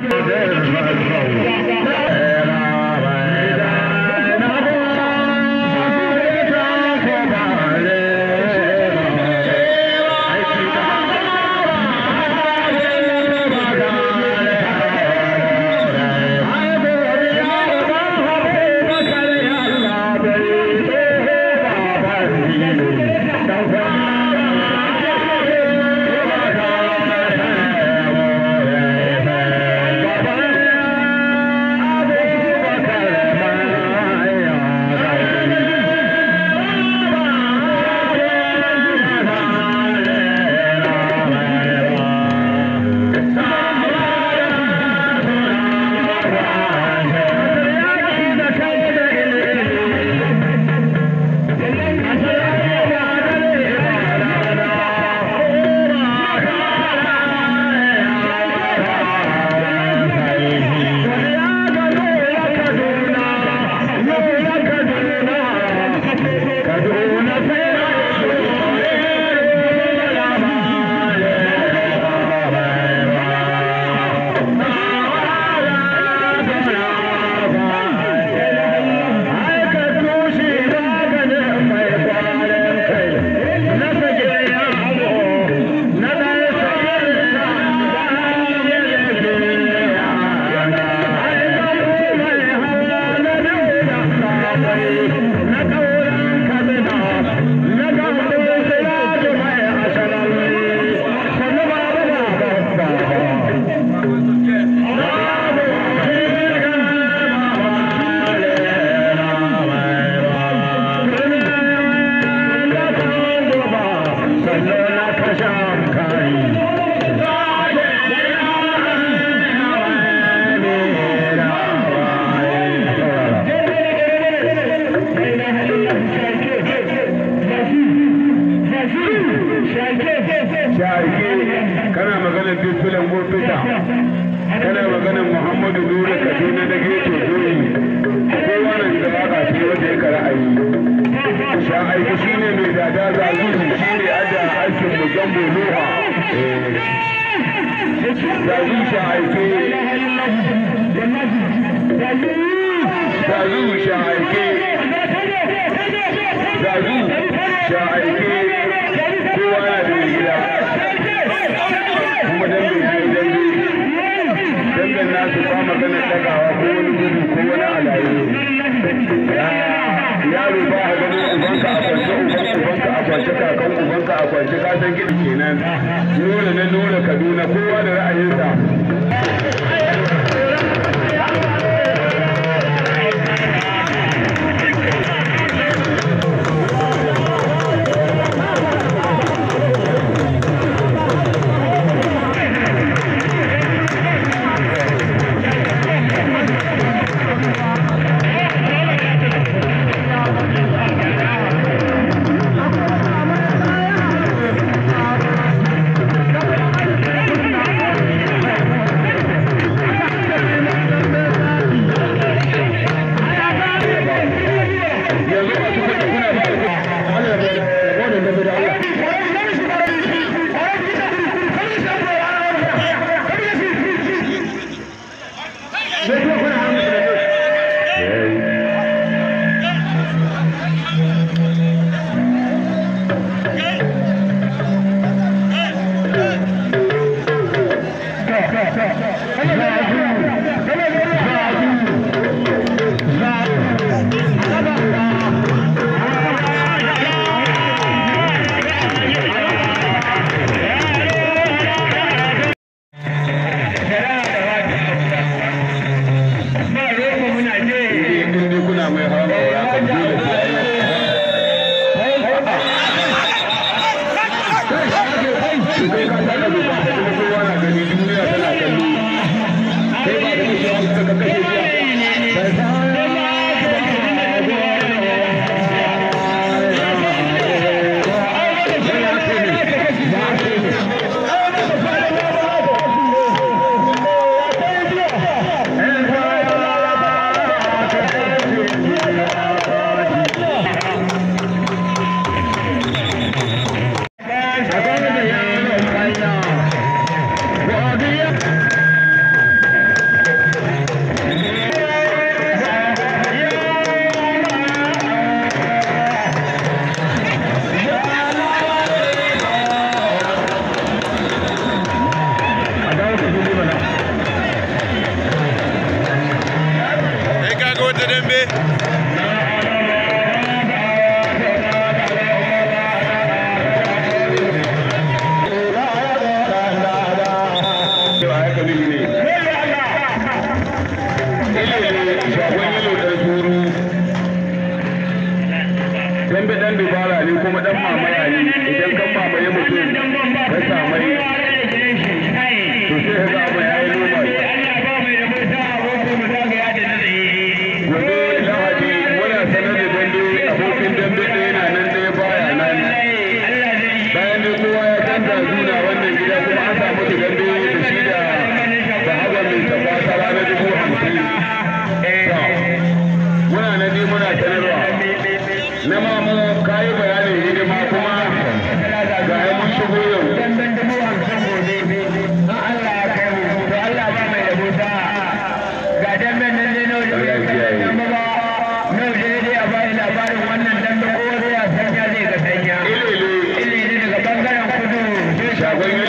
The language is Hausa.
There's my soul. kana maganar bifilan kana maganar muhammadu nura kaduna da geto zoyi ko wannan da waka ya aiki shine mai dada zazuzu Darusha aike. Darusha nasu ba magana dagawa ko kwashe kakan ubanka a kwashe kasan gidi kenan nuna na nuna kaduna kowa da ra'ayinsa हमें हर হয়ে গেছে